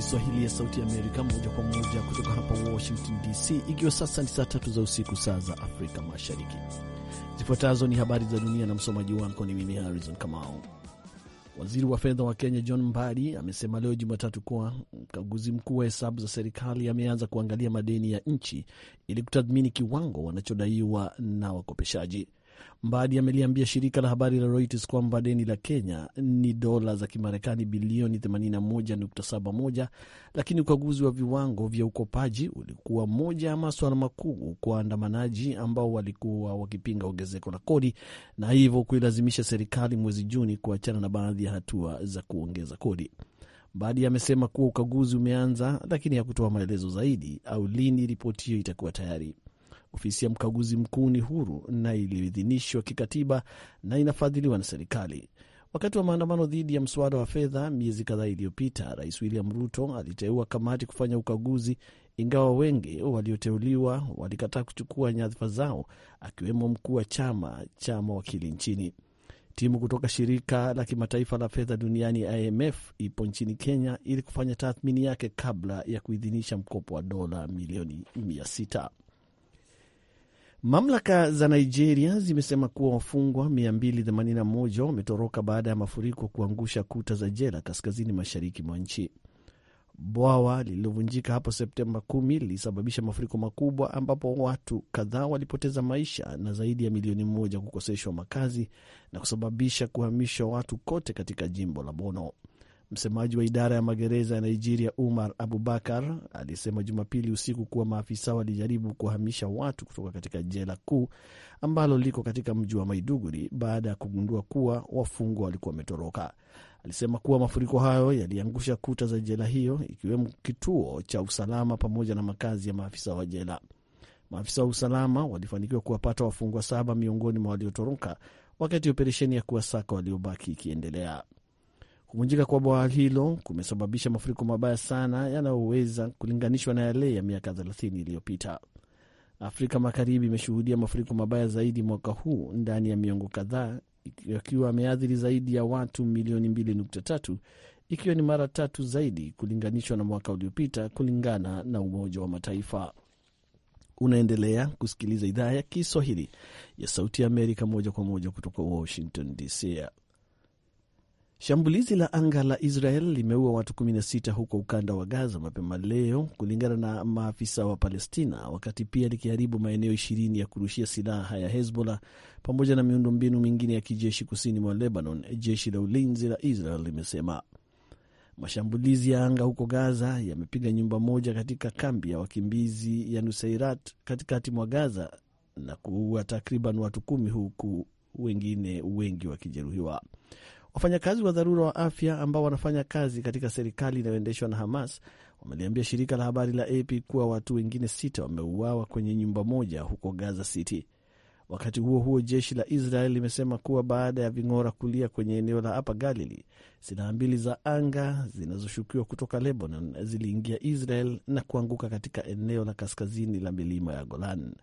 Kiswahili ya Sauti ya Amerika moja kwa moja kutoka hapa Washington DC, ikiwa sasa ni saa tatu za usiku, saa za Afrika Mashariki. Zifuatazo ni habari za dunia na msomaji wako ni mimi Harrison Kamau. Waziri wa fedha wa Kenya John Mbadi amesema leo Jumatatu kuwa mkaguzi mkuu wa hesabu za serikali ameanza kuangalia madeni ya nchi ili kutathmini kiwango wanachodaiwa na wakopeshaji. Mbadi ameliambia shirika la habari la Reuters kwamba deni la Kenya ni dola za Kimarekani bilioni 81.71, lakini ukaguzi wa viwango vya ukopaji ulikuwa moja ya maswala makuu kwa waandamanaji ambao walikuwa wakipinga ongezeko la kodi na hivyo kuilazimisha serikali mwezi Juni kuachana na baadhi ya hatua za kuongeza kodi. Mbadi amesema kuwa ukaguzi umeanza, lakini hakutoa maelezo zaidi au lini ripoti hiyo itakuwa tayari. Ofisi ya mkaguzi mkuu ni huru na iliyoidhinishwa kikatiba na inafadhiliwa na serikali. Wakati wa maandamano dhidi ya mswada wa fedha miezi kadhaa iliyopita, Rais William Ruto aliteua kamati kufanya ukaguzi, ingawa wengi walioteuliwa walikataa kuchukua nyadhifa zao, akiwemo mkuu wa chama cha mawakili nchini. Timu kutoka shirika la kimataifa la fedha duniani IMF ipo nchini Kenya ili kufanya tathmini yake kabla ya kuidhinisha mkopo wa dola milioni 6 Mamlaka za Nigeria zimesema kuwa wafungwa 281 wametoroka baada ya mafuriko kuangusha kuta za jela kaskazini mashariki mwa nchi. Bwawa lililovunjika hapo Septemba 10 lilisababisha mafuriko makubwa ambapo watu kadhaa walipoteza maisha na zaidi ya milioni moja kukoseshwa makazi na kusababisha kuhamishwa watu kote katika jimbo la Bono. Msemaji wa idara ya magereza ya Nigeria, Umar Abubakar, alisema Jumapili usiku kuwa maafisa walijaribu kuhamisha watu kutoka katika jela kuu ambalo liko katika mji wa Maiduguri baada ya kugundua kuwa wafungwa walikuwa wametoroka. Alisema kuwa mafuriko hayo yaliangusha kuta za jela hiyo, ikiwemo kituo cha usalama pamoja na makazi ya maafisa wa jela. Maafisa wa usalama walifanikiwa kuwapata wafungwa saba miongoni mwa waliotoroka, wakati operesheni ya kuwasaka waliobaki ikiendelea. Kuvunjika kwa bwawa hilo kumesababisha mafuriko mabaya sana yanayoweza kulinganishwa na yale ya miaka 30 iliyopita. Afrika Magharibi imeshuhudia mafuriko mabaya zaidi mwaka huu ndani ya miongo kadhaa, yakiwa ameathiri zaidi ya watu milioni 2.3 ikiwa ni mara tatu zaidi kulinganishwa na mwaka uliopita, kulingana na Umoja wa Mataifa. Unaendelea kusikiliza idhaa ya Kiswahili ya Sauti ya Amerika moja kwa moja kutoka Washington DC. Shambulizi la anga la Israel limeua watu 16 huko ukanda wa Gaza mapema leo, kulingana na maafisa wa Palestina, wakati pia likiharibu maeneo ishirini ya kurushia silaha ya Hezbollah pamoja na miundombinu mingine ya kijeshi kusini mwa Lebanon, jeshi la ulinzi la Israel limesema. Mashambulizi ya anga huko Gaza yamepiga nyumba moja katika kambi ya wakimbizi ya Nusairat katikati mwa Gaza na kuua takriban watu kumi huku wengine wengi wakijeruhiwa. Wafanyakazi wa dharura wa afya ambao wanafanya kazi katika serikali inayoendeshwa na Hamas wameliambia shirika la habari la AP kuwa watu wengine sita wameuawa kwenye nyumba moja huko Gaza City. Wakati huo huo, jeshi la Israel limesema kuwa baada ya ving'ora kulia kwenye eneo la apa Galili, silaha mbili za anga zinazoshukiwa kutoka Lebanon ziliingia Israel na kuanguka katika eneo la kaskazini la milima ya Golan.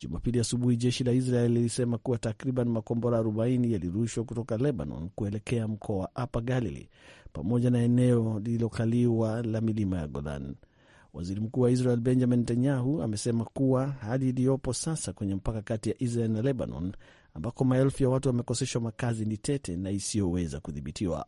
Jumapili asubuhi jeshi la Israel lilisema kuwa takriban makombora 40 yalirushwa kutoka Lebanon kuelekea mkoa wa Upper Galilee pamoja na eneo lililokaliwa la milima ya Golan. Waziri mkuu wa Israel Benjamin Netanyahu amesema kuwa hali iliyopo sasa kwenye mpaka kati ya Israel na Lebanon, ambako maelfu ya watu wamekoseshwa makazi, ni tete na isiyoweza kudhibitiwa.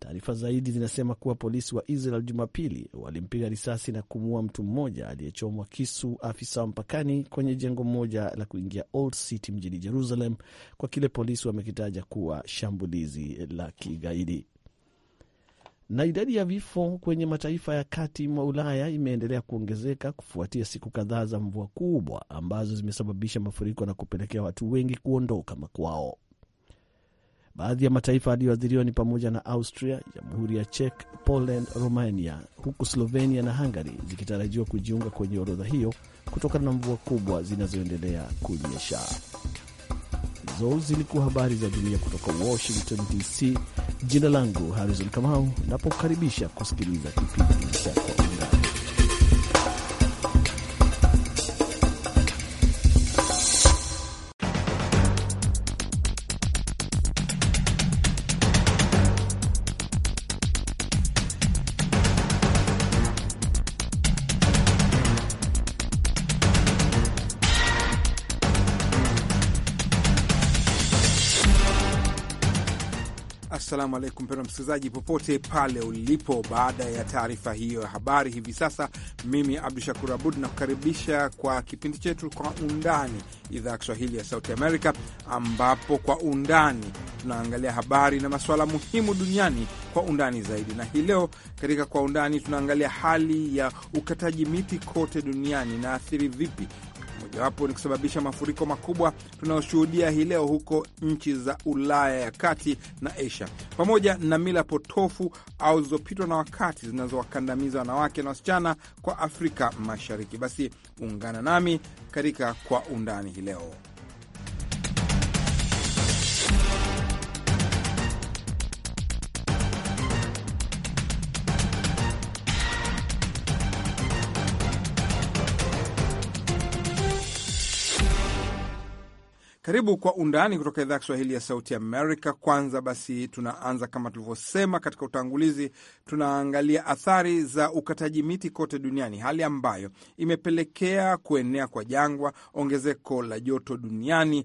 Taarifa zaidi zinasema kuwa polisi wa Israel Jumapili walimpiga risasi na kumuua mtu mmoja aliyechomwa kisu afisa wa mpakani kwenye jengo moja la kuingia Old City mjini Jerusalem, kwa kile polisi wamekitaja kuwa shambulizi la kigaidi. Na idadi ya vifo kwenye mataifa ya kati mwa Ulaya imeendelea kuongezeka kufuatia siku kadhaa za mvua kubwa ambazo zimesababisha mafuriko na kupelekea watu wengi kuondoka makwao. Baadhi ya mataifa yaliyoathiriwa ni pamoja na Austria, Jamhuri ya Czech, Poland, Romania, huku Slovenia na Hungary zikitarajiwa kujiunga kwenye orodha hiyo kutokana na mvua kubwa zinazoendelea kunyesha. Hizo zilikuwa habari za dunia kutoka Washington DC. Jina langu Harrison Kamau, napokaribisha kusikiliza kipindi cha Kwa Undani. Assalamu alaikum mpendwa msikilizaji, popote pale ulipo. Baada ya taarifa hiyo ya habari, hivi sasa mimi Abdu Shakur Abud nakukaribisha kwa kipindi chetu Kwa Undani, idhaa ya Kiswahili ya Sauti Amerika, ambapo kwa undani tunaangalia habari na masuala muhimu duniani kwa undani zaidi. Na hii leo katika Kwa Undani tunaangalia hali ya ukataji miti kote duniani na athiri vipi mojawapo ni kusababisha mafuriko makubwa tunayoshuhudia hii leo huko nchi za Ulaya ya kati na Asia, pamoja na mila potofu au zilizopitwa na wakati zinazowakandamiza wanawake na wasichana kwa Afrika Mashariki. Basi ungana nami katika Kwa Undani hii leo. Karibu kwa undani kutoka idhaa ya Kiswahili ya Sauti Amerika. Kwanza basi, tunaanza kama tulivyosema katika utangulizi, tunaangalia athari za ukataji miti kote duniani, hali ambayo imepelekea kuenea kwa jangwa, ongezeko la joto duniani,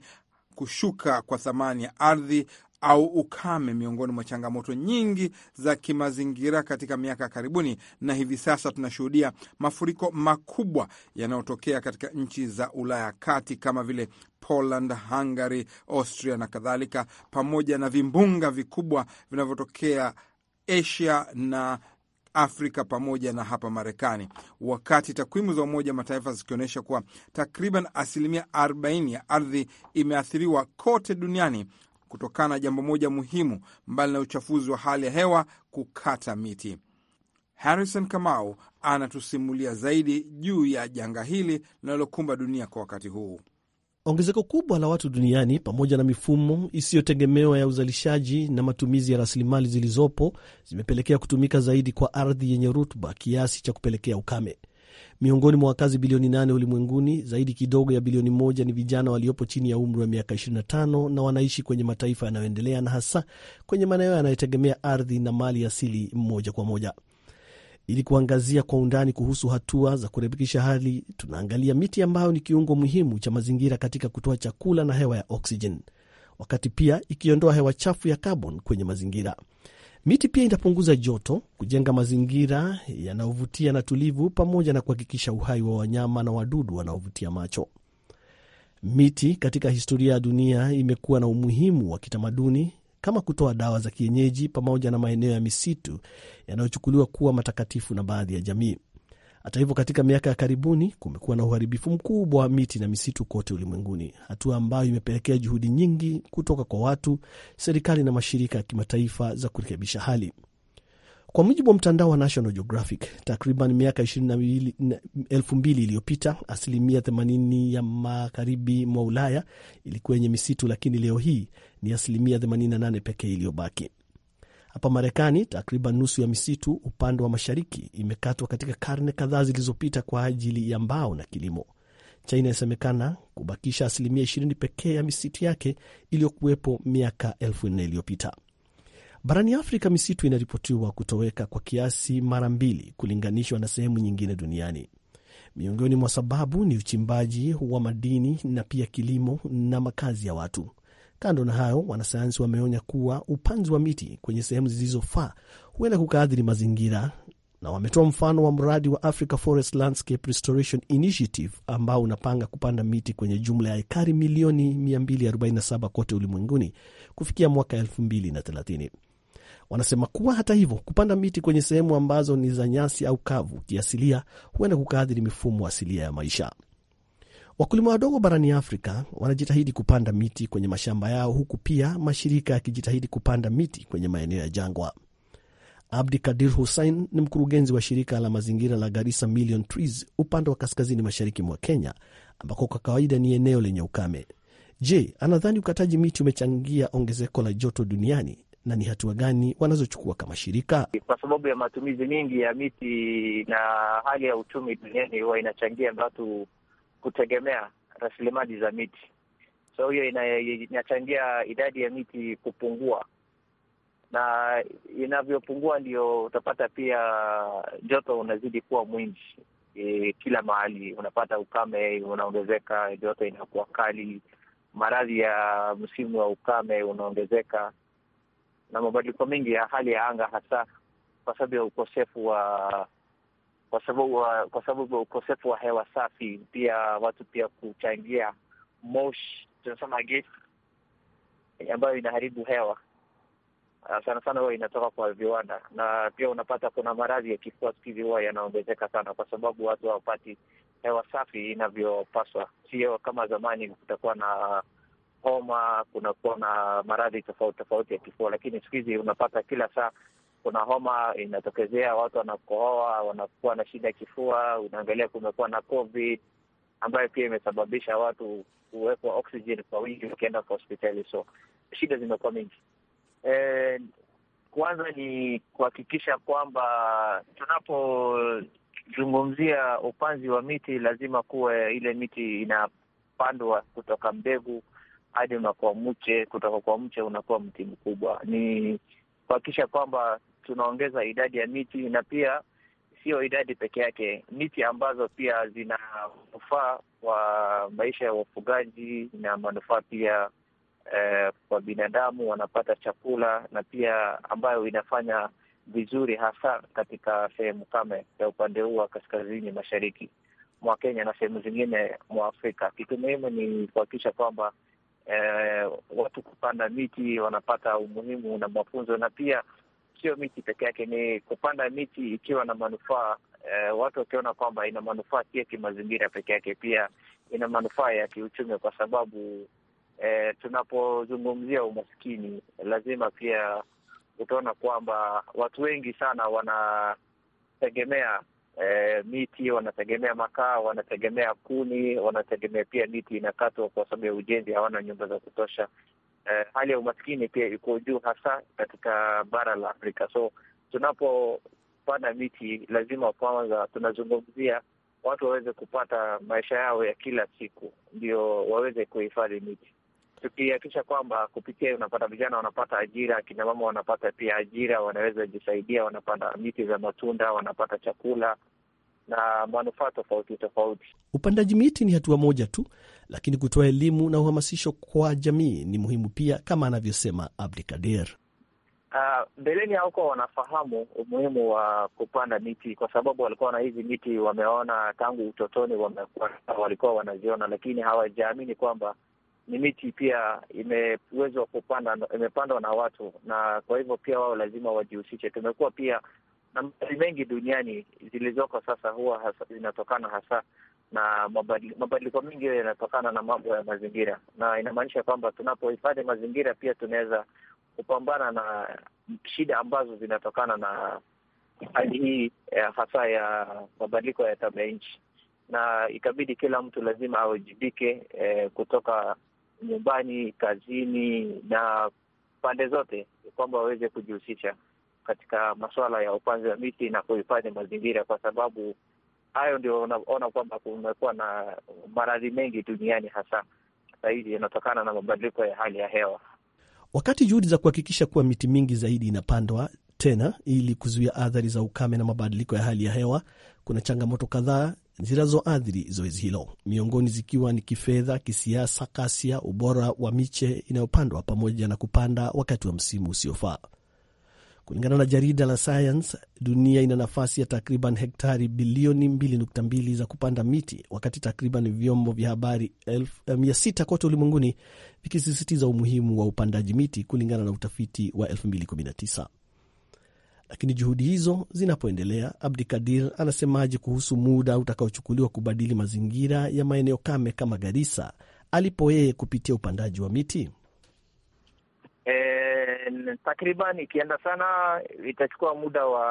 kushuka kwa thamani ya ardhi, au ukame miongoni mwa changamoto nyingi za kimazingira katika miaka karibuni, na hivi sasa tunashuhudia mafuriko makubwa yanayotokea katika nchi za Ulaya kati kama vile Poland, Hungary, Austria na kadhalika, pamoja na vimbunga vikubwa vinavyotokea Asia na Afrika pamoja na hapa Marekani, wakati takwimu za Umoja Mataifa zikionyesha kuwa takriban asilimia 40 ya ardhi imeathiriwa kote duniani kutokana na jambo moja muhimu, mbali na uchafuzi wa hali ya hewa, kukata miti. Harrison Kamau anatusimulia zaidi juu ya janga hili linalokumba dunia kwa wakati huu. Ongezeko kubwa la watu duniani pamoja na mifumo isiyotegemewa ya uzalishaji na matumizi ya rasilimali zilizopo zimepelekea kutumika zaidi kwa ardhi yenye rutuba kiasi cha kupelekea ukame. Miongoni mwa wakazi bilioni nane ulimwenguni, zaidi kidogo ya bilioni moja ni vijana waliopo chini ya umri wa miaka 25 na wanaishi kwenye mataifa yanayoendelea na hasa kwenye maeneo yanayotegemea ardhi na mali asili moja kwa moja. Ili kuangazia kwa undani kuhusu hatua za kurekebisha hali, tunaangalia miti ambayo ni kiungo muhimu cha mazingira katika kutoa chakula na hewa ya oksijeni, wakati pia ikiondoa hewa chafu ya kaboni kwenye mazingira. Miti pia inapunguza joto, kujenga mazingira yanayovutia na tulivu, pamoja na kuhakikisha uhai wa wanyama na wadudu wanaovutia macho. Miti katika historia ya dunia imekuwa na umuhimu wa kitamaduni kama kutoa dawa za kienyeji pamoja na maeneo ya misitu yanayochukuliwa kuwa matakatifu na baadhi ya jamii. Hata hivyo, katika miaka ya karibuni kumekuwa na uharibifu mkubwa wa miti na misitu kote ulimwenguni, hatua ambayo imepelekea juhudi nyingi kutoka kwa watu, serikali na mashirika ya kimataifa za kurekebisha hali. Kwa mujibu wa mtandao wa National Geographic, takriban miaka elfu mbili iliyopita asilimia 80 ya magharibi mwa Ulaya ilikuwa yenye misitu, lakini leo hii ni asilimia 88 pekee iliyobaki. Hapa Marekani, takriban nusu ya misitu upande wa mashariki imekatwa katika karne kadhaa zilizopita kwa ajili ya mbao na kilimo. China inasemekana kubakisha asilimia 20 pekee ya misitu yake iliyokuwepo miaka elfu nne iliyopita. Barani Afrika, misitu inaripotiwa kutoweka kwa kiasi mara mbili kulinganishwa na sehemu nyingine duniani. Miongoni mwa sababu ni uchimbaji wa madini na pia kilimo na makazi ya watu. Kando na hayo, wanasayansi wameonya kuwa upanzi wa miti kwenye sehemu zilizofaa huenda kukaadhiri mazingira na wametoa mfano wa mradi wa Africa Forest Landscape Restoration Initiative ambao unapanga kupanda miti kwenye jumla ya ekari milioni 247 kote ulimwenguni kufikia mwaka 2030. Wanasema kuwa hata hivyo, kupanda miti kwenye sehemu ambazo ni za nyasi au kavu kiasilia huenda kukaadhiri mifumo asilia ya maisha. Wakulima wadogo barani Afrika wanajitahidi kupanda miti kwenye mashamba yao, huku pia mashirika yakijitahidi kupanda miti kwenye maeneo ya jangwa. Abdi Kadir Hussein ni mkurugenzi wa shirika la mazingira la Garissa Million Trees upande wa kaskazini mashariki mwa Kenya, ambako kwa kawaida ni eneo lenye ukame. Je, anadhani ukataji miti umechangia ongezeko la joto duniani na ni hatua gani wanazochukua kama shirika? Kwa sababu ya matumizi mingi ya miti na hali ya uchumi duniani huwa inachangia watu kutegemea rasilimali za miti, so hiyo inachangia idadi ya miti kupungua, na inavyopungua ndio utapata pia joto unazidi kuwa mwingi. E, kila mahali unapata ukame unaongezeka, joto inakuwa kali, maradhi ya msimu wa ukame unaongezeka, na mabadiliko mengi ya hali ya anga, hasa kwa sababu ya ukosefu wa kwa sababu kwa sababu ukosefu wa hewa safi, pia watu pia kuchangia moshi, tunasema gesi eh, ambayo inaharibu hewa ah, sana sana, huwa inatoka kwa viwanda, na pia unapata kuna maradhi ya kifua siku hizi huwa yanaongezeka sana, kwa sababu watu hawapati hewa safi inavyopaswa. Sio kama zamani, kutakuwa na homa, kunakuwa na maradhi tofauti tofauti ya kifua, lakini siku hizi unapata kila saa kuna homa inatokezea, watu wanakohoa, wanakuwa na shida ya kifua. Unaangalia kumekuwa na COVID ambayo pia imesababisha watu kuwekwa oxygen kwa wingi wakienda kwa hospitali, so shida zimekuwa mingi. E, kwanza ni kuhakikisha kwamba tunapozungumzia upanzi wa miti lazima kuwe ile miti inapandwa kutoka mbegu hadi unakuwa mche, kutoka kwa mche unakuwa mti mkubwa. Ni kuhakikisha kwamba tunaongeza idadi ya miti na pia sio idadi peke yake, miti ambazo pia zina manufaa kwa maisha ya wafugaji na manufaa pia eh, kwa binadamu wanapata chakula na pia ambayo inafanya vizuri hasa katika sehemu kame ya upande huu wa kaskazini mashariki mwa Kenya na sehemu zingine mwa Afrika. Kitu muhimu ni kuhakikisha kwamba eh, watu kupanda miti wanapata umuhimu na mafunzo na pia sio miti peke yake, ni kupanda miti ikiwa na manufaa eh, watu wakiona kwamba ina manufaa sio kimazingira peke yake, pia ina manufaa ya kiuchumi, kwa sababu eh, tunapozungumzia umaskini lazima pia utaona kwamba watu wengi sana wanategemea eh, miti, wanategemea makaa, wanategemea kuni, wanategemea pia miti inakatwa kwa sababu ya ujenzi, hawana nyumba za kutosha eh, hali ya umaskini pia iko juu hasa katika bara la Afrika. So tunapopanda miti lazima kwanza tunazungumzia watu waweze kupata maisha yao ya kila siku, ndio waweze kuhifadhi miti, tukihakikisha kwamba kupitia unapata vijana wanapata ajira, akina mama wanapata pia ajira, wanaweza jisaidia, wanapanda miti za matunda, wanapata chakula na manufaa tofauti tofauti. Upandaji miti ni hatua moja tu, lakini kutoa elimu na uhamasisho kwa jamii ni muhimu pia, kama anavyosema Abdikadir. Ah, mbeleni uh, hawakuwa wanafahamu umuhimu wa kupanda miti, kwa sababu walikuwa na hizi miti wameona tangu utotoni, wamekuwa walikuwa wanaziona, lakini hawajaamini kwamba ni miti pia imewezwa kupanda imepandwa na watu, na kwa hivyo pia wao lazima wajihusishe. Tumekuwa pia na mali mengi duniani zilizoko sasa huwa hasa, zinatokana hasa na mabadiliko mengi hiyo yanatokana na mambo ya mazingira, na inamaanisha kwamba tunapohifadhi mazingira pia tunaweza kupambana na shida ambazo zinatokana na hali hii ya eh, hasa ya mabadiliko ya tabia nchi, na ikabidi kila mtu lazima awajibike eh, kutoka nyumbani, kazini na pande zote, kwamba waweze kujihusisha katika masuala ya upanzi wa miti na kuhifadhi mazingira, kwa sababu hayo ndio unaona kwamba kumekuwa na maradhi mengi duniani, hasa sahizi yanatokana na mabadiliko ya hali ya hewa. Wakati juhudi za kuhakikisha kuwa miti mingi zaidi inapandwa tena ili kuzuia athari za ukame na mabadiliko ya hali ya hewa, kuna changamoto kadhaa zinazoathiri zoezi hilo, miongoni zikiwa ni kifedha, kisiasa, kasia, ubora wa miche inayopandwa pamoja na kupanda wakati wa msimu usiofaa. Kulingana na jarida la Science, dunia ina nafasi ya takriban hektari bilioni 2.2 za kupanda miti, wakati takriban vyombo vya habari 600 eh, kote ulimwenguni vikisisitiza umuhimu wa upandaji miti, kulingana na utafiti wa 2019. Lakini juhudi hizo zinapoendelea, Abdikadir anasemaje kuhusu muda utakaochukuliwa kubadili mazingira ya maeneo kame kama Garissa alipo yeye kupitia upandaji wa miti? Eh. Eh, takriban ikienda sana itachukua muda wa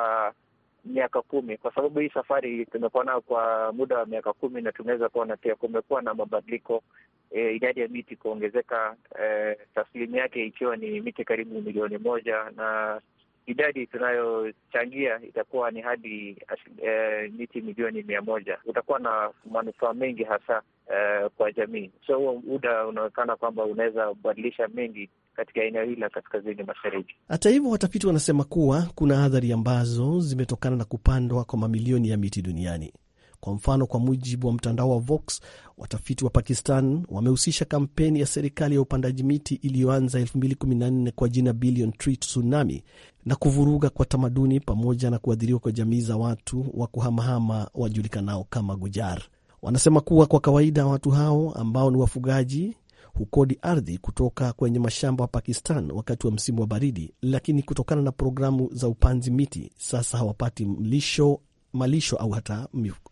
miaka kumi kwa sababu hii safari tumekuwa nayo kwa muda wa miaka kumi na tunaweza kuona pia kumekuwa na mabadiliko e, idadi ya miti kuongezeka e, taslimu yake ikiwa ni miti karibu milioni moja na idadi tunayochangia itakuwa ni hadi eh, miti milioni mia moja. Utakuwa na manufaa mengi hasa eh, kwa jamii. So huo muda unaonekana kwamba unaweza badilisha mengi katika eneo hili la kaskazini mashariki. Hata hivyo, watafiti wanasema kuwa kuna athari ambazo zimetokana na kupandwa kwa mamilioni ya miti duniani. Kwa mfano, kwa mujibu wa mtandao wa Vox, watafiti wa Pakistan wamehusisha kampeni ya serikali ya upandaji miti iliyoanza 2014 kwa jina Billion Tree Tsunami na kuvuruga kwa tamaduni pamoja na kuadhiriwa kwa jamii za watu wa kuhamahama wajulikanao kama Gujar. Wanasema kuwa kwa kawaida watu hao ambao ni wafugaji hukodi ardhi kutoka kwenye mashamba wa Pakistan wakati wa msimu wa baridi, lakini kutokana na programu za upanzi miti sasa hawapati mlisho malisho au hata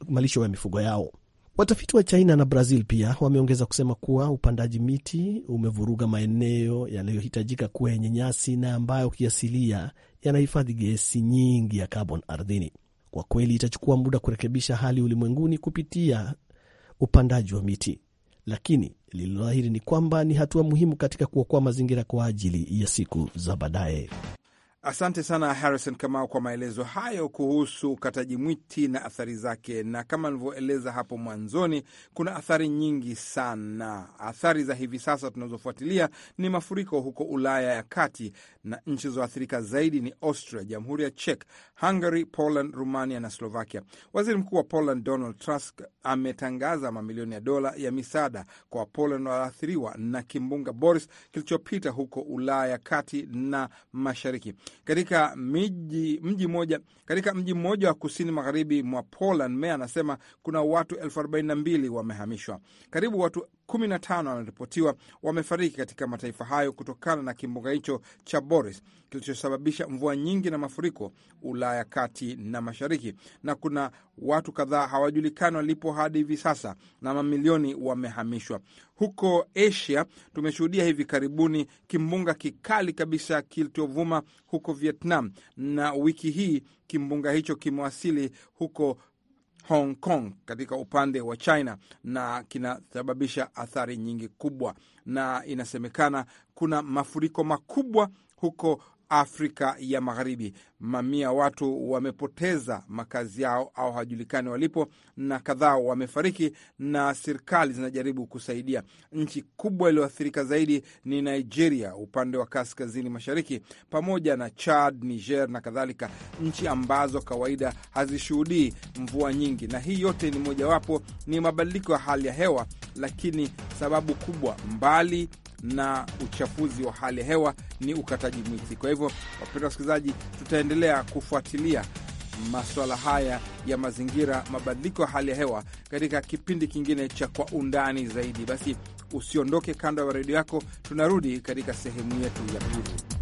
malisho ya mifugo yao. Watafiti wa China na Brazil pia wameongeza kusema kuwa upandaji miti umevuruga maeneo yanayohitajika kuwa yenye nyasi na ambayo kiasilia yanahifadhi gesi nyingi ya carbon ardhini. Kwa kweli itachukua muda kurekebisha hali ulimwenguni kupitia upandaji wa miti, lakini lililoahiri ni kwamba ni hatua muhimu katika kuokoa mazingira kwa ajili ya siku za baadaye. Asante sana Harrison Kamau kwa maelezo hayo kuhusu ukataji mwiti na athari zake. Na kama alivyoeleza hapo mwanzoni, kuna athari nyingi sana. Athari za hivi sasa tunazofuatilia ni mafuriko huko Ulaya ya kati, na nchi zilizoathirika zaidi ni Austria, Jamhuri ya Czech, Hungary, Poland, Rumania na Slovakia. Waziri Mkuu wa Poland Donald Tusk ametangaza mamilioni ya dola ya misaada kwa Wapoland walioathiriwa na kimbunga Boris kilichopita huko Ulaya ya kati na mashariki katika mji mmoja katika mji mmoja wa kusini magharibi mwa Poland. Meya anasema kuna watu elfu arobaini na mbili wamehamishwa. Karibu watu 15 wanaripotiwa wamefariki katika mataifa hayo kutokana na kimbunga hicho cha Boris kilichosababisha mvua nyingi na mafuriko Ulaya kati na mashariki, na kuna watu kadhaa hawajulikani walipo hadi hivi sasa na mamilioni wamehamishwa. Huko Asia tumeshuhudia hivi karibuni kimbunga kikali kabisa kilichovuma huko Vietnam, na wiki hii kimbunga hicho kimewasili huko Hong Kong katika upande wa China, na kinasababisha athari nyingi kubwa, na inasemekana kuna mafuriko makubwa huko Afrika ya Magharibi. Mamia watu wamepoteza makazi yao au hawajulikani walipo, na kadhaa wamefariki, na serikali zinajaribu kusaidia. Nchi kubwa iliyoathirika zaidi ni Nigeria upande wa kaskazini mashariki, pamoja na Chad, Niger na kadhalika, nchi ambazo kawaida hazishuhudii mvua nyingi, na hii yote ni mojawapo ni mabadiliko ya hali ya hewa, lakini sababu kubwa mbali na uchafuzi wa hali ya hewa ni ukataji miti. Kwa hivyo, wapenda wasikilizaji, tutaendelea kufuatilia masuala haya ya mazingira, mabadiliko ya hali ya hewa katika kipindi kingine cha Kwa Undani Zaidi. Basi usiondoke kando ya redio yako, tunarudi katika sehemu yetu ya pili.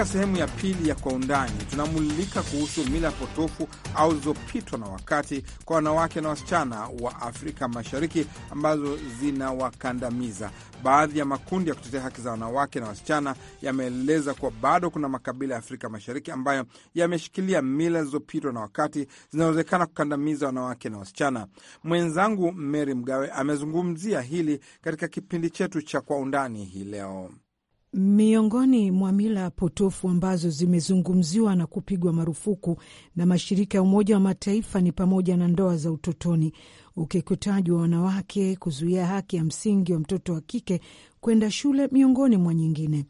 Katika sehemu ya pili ya Kwa Undani tunamulika kuhusu mila potofu au zilizopitwa na wakati kwa wanawake na wasichana wa Afrika Mashariki ambazo zinawakandamiza. Baadhi ya makundi ya kutetea haki za wanawake na wasichana yameeleza kuwa bado kuna makabila ya Afrika Mashariki ambayo yameshikilia mila zilizopitwa na wakati zinawezekana kukandamiza wanawake na wasichana. Mwenzangu Mary Mgawe amezungumzia hili katika kipindi chetu cha Kwa Undani hii leo. Miongoni mwa mila potofu ambazo zimezungumziwa na kupigwa marufuku na mashirika ya Umoja wa Mataifa ni pamoja na ndoa za utotoni, ukeketaji wa wanawake, kuzuia haki ya msingi wa mtoto wa kike kwenda shule, miongoni mwa nyingine.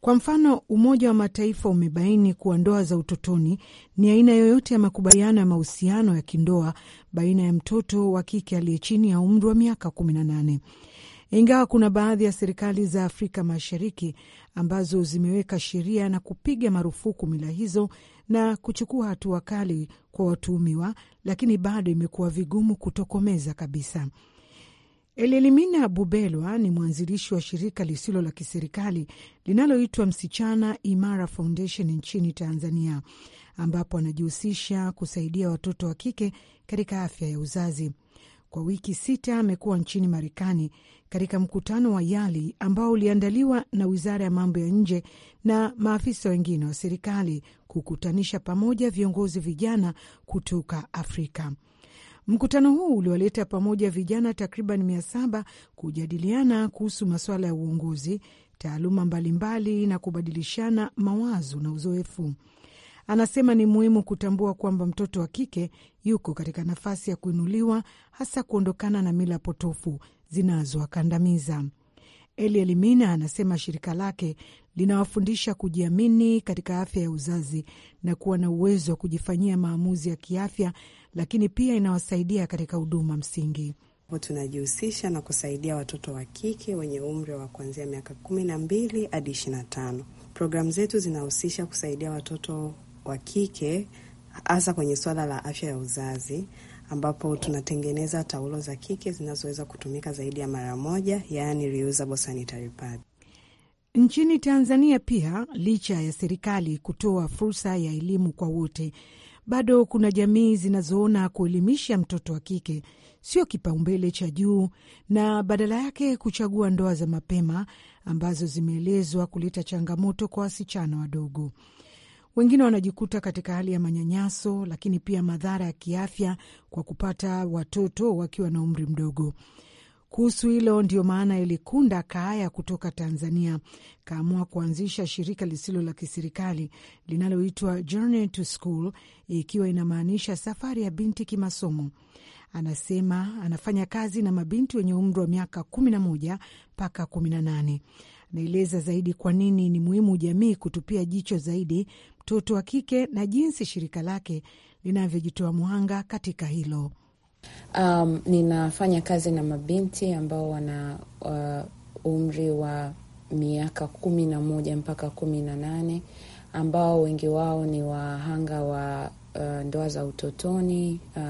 Kwa mfano, Umoja wa Mataifa umebaini kuwa ndoa za utotoni ni aina yoyote ya makubaliano ya mahusiano ya kindoa baina ya mtoto wa kike aliye chini ya umri wa miaka kumi na nane ingawa kuna baadhi ya serikali za Afrika Mashariki ambazo zimeweka sheria na kupiga marufuku mila hizo na kuchukua hatua kali kwa watuhumiwa, lakini bado imekuwa vigumu kutokomeza kabisa. Elelimina Bubelwa ni mwanzilishi wa shirika lisilo la kiserikali linaloitwa Msichana Imara Foundation nchini Tanzania, ambapo anajihusisha kusaidia watoto wa kike katika afya ya uzazi kwa wiki sita amekuwa nchini Marekani katika mkutano wa YALI ambao uliandaliwa na wizara ya mambo ya nje na maafisa wengine wa serikali kukutanisha pamoja viongozi vijana kutoka Afrika. Mkutano huu uliwaleta pamoja vijana takriban mia saba kujadiliana kuhusu masuala ya uongozi, taaluma mbalimbali, na kubadilishana mawazo na uzoefu. Anasema ni muhimu kutambua kwamba mtoto wa kike yuko katika nafasi ya kuinuliwa, hasa kuondokana na mila potofu zinazowakandamiza. Eli Elimina anasema shirika lake linawafundisha kujiamini katika afya ya uzazi na kuwa na uwezo wa kujifanyia maamuzi ya kiafya, lakini pia inawasaidia katika huduma msingi. Tunajihusisha na kusaidia watoto wa kike wenye umri wa kuanzia miaka kumi na mbili hadi ishirini na tano. Programu zetu zinahusisha kusaidia watoto wa kike hasa kwenye swala la afya ya uzazi ambapo tunatengeneza taulo za kike zinazoweza kutumika zaidi ya mara moja, yaani reusable sanitary pad. Nchini Tanzania pia, licha ya serikali kutoa fursa ya elimu kwa wote, bado kuna jamii zinazoona kuelimisha mtoto wa kike sio kipaumbele cha juu na badala yake kuchagua ndoa za mapema ambazo zimeelezwa kuleta changamoto kwa wasichana wadogo. Wengine wanajikuta katika hali ya manyanyaso, lakini pia madhara ya kiafya kwa kupata watoto wakiwa na umri mdogo. Kuhusu hilo, ndio maana Ilikunda Kaaya kutoka Tanzania kaamua kuanzisha shirika lisilo la kiserikali linaloitwa Journey to School, ikiwa inamaanisha safari ya binti kimasomo. Anasema anafanya kazi na mabinti wenye umri wa miaka kumi na moja mpaka kumi na nane. Anaeleza zaidi kwa nini ni muhimu jamii kutupia jicho zaidi watoto wa kike na jinsi shirika lake linavyojitoa mwanga katika hilo. Um, ninafanya kazi na mabinti ambao wana uh, umri wa miaka kumi na moja mpaka kumi na nane ambao wengi wao ni wahanga wa uh, ndoa za utotoni uh,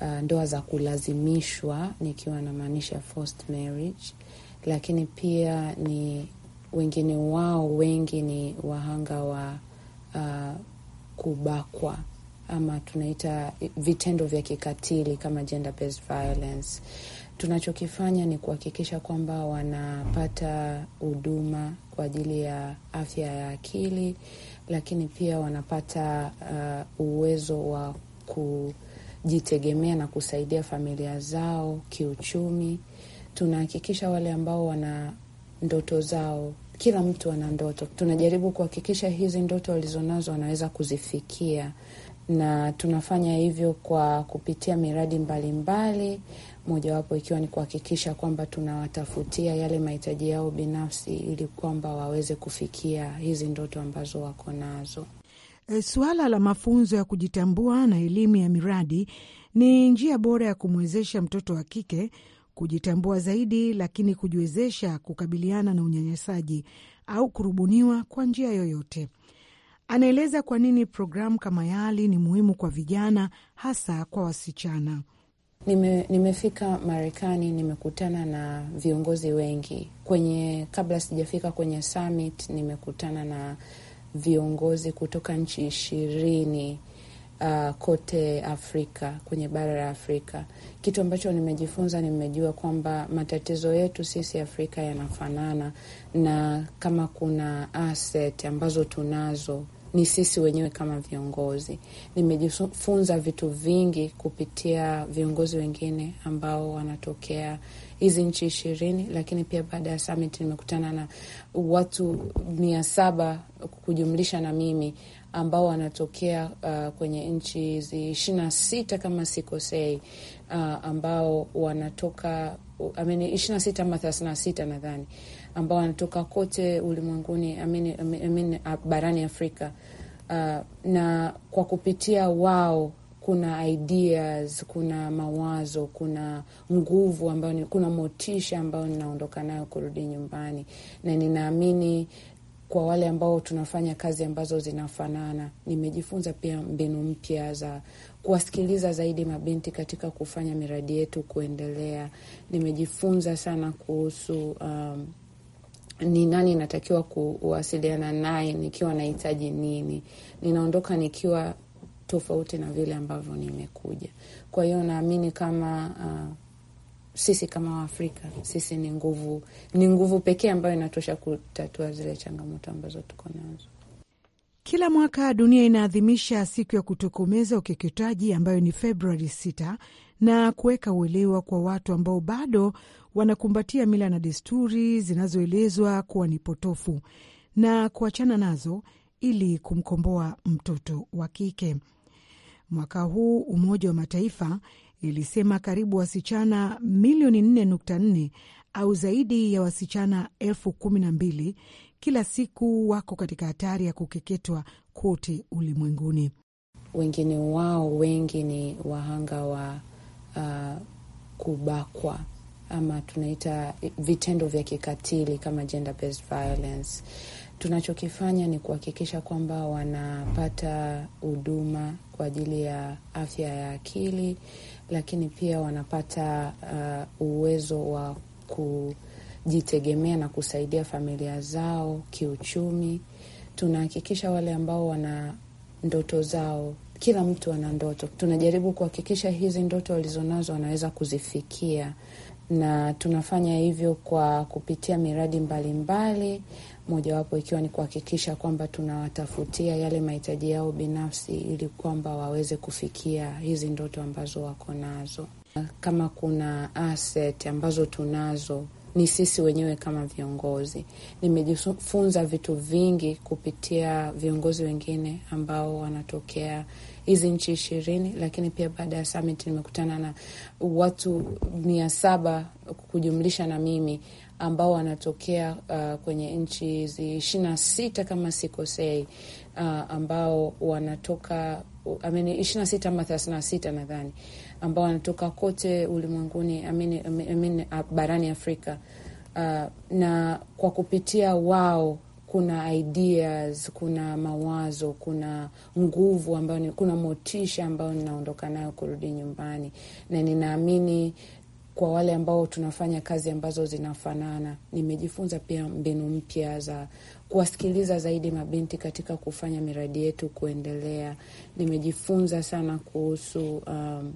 uh, ndoa za kulazimishwa nikiwa namaanisha forced marriage, lakini pia ni wengine wao wengi ni wahanga wa uh, kubakwa ama tunaita vitendo vya kikatili kama gender based violence. Tunachokifanya ni kuhakikisha kwamba wanapata huduma kwa ajili ya afya ya akili, lakini pia wanapata uh, uwezo wa kujitegemea na kusaidia familia zao kiuchumi. Tunahakikisha wale ambao wana ndoto zao kila mtu ana ndoto. Tunajaribu kuhakikisha hizi ndoto walizonazo wanaweza kuzifikia, na tunafanya hivyo kwa kupitia miradi mbalimbali, mojawapo ikiwa ni kuhakikisha kwamba tunawatafutia yale mahitaji yao binafsi ili kwamba waweze kufikia hizi ndoto ambazo wako nazo. Eh, suala la mafunzo ya kujitambua na elimu ya miradi ni njia bora ya kumwezesha mtoto wa kike kujitambua zaidi, lakini kujiwezesha kukabiliana na unyanyasaji au kurubuniwa kwa njia yoyote. Anaeleza kwa nini programu kama YALI ni muhimu kwa vijana, hasa kwa wasichana. Nime, nimefika Marekani, nimekutana na viongozi wengi kwenye, kabla sijafika kwenye summit, nimekutana na viongozi kutoka nchi ishirini uh, kote Afrika, kwenye bara la Afrika. Kitu ambacho nimejifunza, nimejua kwamba matatizo yetu sisi Afrika yanafanana, na kama kuna asset ambazo tunazo ni sisi wenyewe kama viongozi. Nimejifunza vitu vingi kupitia viongozi wengine ambao wanatokea hizi nchi ishirini, lakini pia baada ya summit nimekutana na watu mia saba kujumlisha na mimi ambao wanatokea uh, kwenye nchi hizi ishirini na sita kama sikosei, uh, ambao wanatoka I ishirini na sita ama thelathini na sita nadhani, ambao wanatoka kote ulimwenguni I uh, barani Afrika uh, na kwa kupitia wao kuna ideas, kuna mawazo, kuna nguvu ambayo, kuna motisha ambayo ninaondoka nayo kurudi nyumbani, na ninaamini kwa wale ambao tunafanya kazi ambazo zinafanana, nimejifunza pia mbinu mpya za kuwasikiliza zaidi mabinti katika kufanya miradi yetu kuendelea. Nimejifunza sana kuhusu um, ni nani natakiwa kuwasiliana naye nikiwa nahitaji nini. Ninaondoka nikiwa tofauti na vile ambavyo nimekuja. Kwa hiyo naamini kama uh, sisi kama Waafrika sisi ni nguvu, ni nguvu pekee ambayo inatosha kutatua zile changamoto ambazo tuko nazo. Kila mwaka dunia inaadhimisha siku ya kutokomeza ukeketaji ambayo ni Februari 6 na kuweka uelewa kwa watu ambao bado wanakumbatia mila na desturi zinazoelezwa kuwa ni potofu na kuachana nazo ili kumkomboa mtoto wa kike. Mwaka huu Umoja wa Mataifa ilisema karibu wasichana milioni 4.4 au zaidi ya wasichana elfu kumi na mbili kila siku wako katika hatari ya kukeketwa kote ulimwenguni. Wengine wao wengi ni wahanga wa uh, kubakwa ama tunaita vitendo vya kikatili kama gender based violence. Tunachokifanya ni kuhakikisha kwamba wanapata huduma kwa ajili ya afya ya akili lakini pia wanapata uh, uwezo wa kujitegemea na kusaidia familia zao kiuchumi. Tunahakikisha wale ambao wana ndoto zao kila mtu ana ndoto, tunajaribu kuhakikisha hizi ndoto walizonazo wanaweza kuzifikia, na tunafanya hivyo kwa kupitia miradi mbalimbali, mojawapo ikiwa ni kuhakikisha kwamba tunawatafutia yale mahitaji yao binafsi, ili kwamba waweze kufikia hizi ndoto ambazo wako nazo. Kama kuna asset ambazo tunazo ni sisi wenyewe kama viongozi. Nimejifunza vitu vingi kupitia viongozi wengine ambao wanatokea hizi nchi ishirini, lakini pia baada ya summit nimekutana na watu mia saba kujumlisha na mimi ambao wanatokea uh, kwenye nchi hizi ishirini na sita kama sikosei, uh, ambao wanatoka I mean, ishirini na sita ama thelathini na sita nadhani ambao wanatoka kote ulimwenguni I mean, I mean, barani Afrika uh, na kwa kupitia wao kuna ideas, kuna mawazo, kuna nguvu ambayo ni, kuna motisha ambayo ninaondoka nayo kurudi nyumbani, na ninaamini kwa wale ambao tunafanya kazi ambazo zinafanana, nimejifunza pia mbinu mpya za kuwasikiliza zaidi mabinti katika kufanya miradi yetu kuendelea. Nimejifunza sana kuhusu um,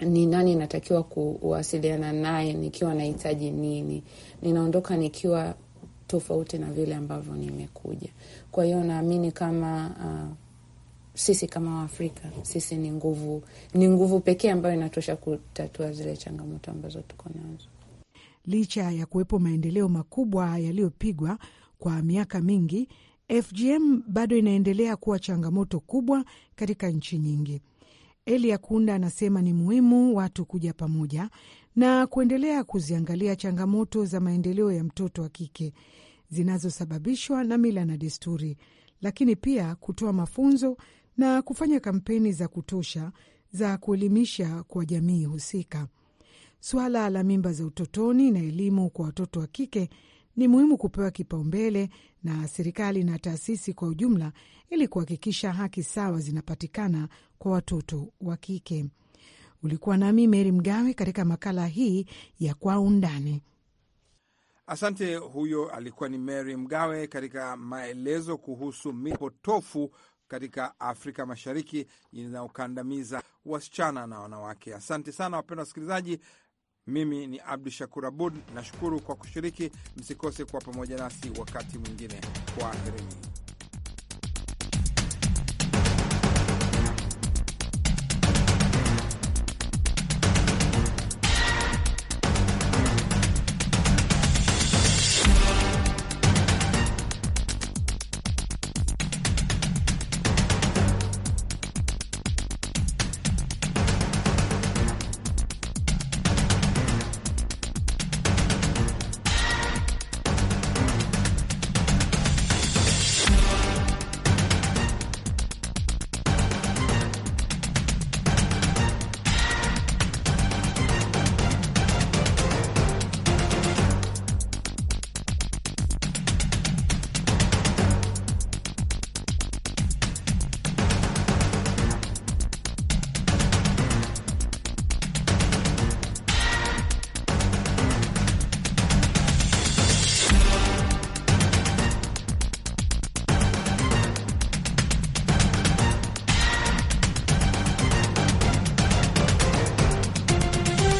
ni nani natakiwa kuwasiliana naye nikiwa nahitaji nini. Ninaondoka nikiwa tofauti na vile ambavyo nimekuja. Kwa hiyo naamini kama uh, sisi kama Waafrika sisi ni nguvu, ni nguvu pekee ambayo inatosha kutatua zile changamoto ambazo tuko nazo. Licha ya kuwepo maendeleo makubwa yaliyopigwa kwa miaka mingi, FGM bado inaendelea kuwa changamoto kubwa katika nchi nyingi. Eli Yakunda anasema ni muhimu watu kuja pamoja na kuendelea kuziangalia changamoto za maendeleo ya mtoto wa kike zinazosababishwa na mila na desturi, lakini pia kutoa mafunzo na kufanya kampeni za kutosha za kuelimisha kwa jamii husika. Suala la mimba za utotoni na elimu kwa watoto wa kike ni muhimu kupewa kipaumbele na serikali na taasisi kwa ujumla, ili kuhakikisha haki sawa zinapatikana kwa watoto wa kike. Ulikuwa nami Meri Mgawe katika makala hii ya Kwa Undani. Asante. Huyo alikuwa ni Mary Mgawe katika maelezo kuhusu mipotofu katika Afrika Mashariki inayokandamiza wasichana na wanawake. Asante sana wapendwa wasikilizaji, mimi ni Abdu Shakur Abud, nashukuru kwa kushiriki. Msikose kuwa pamoja nasi wakati mwingine. Kwaherini.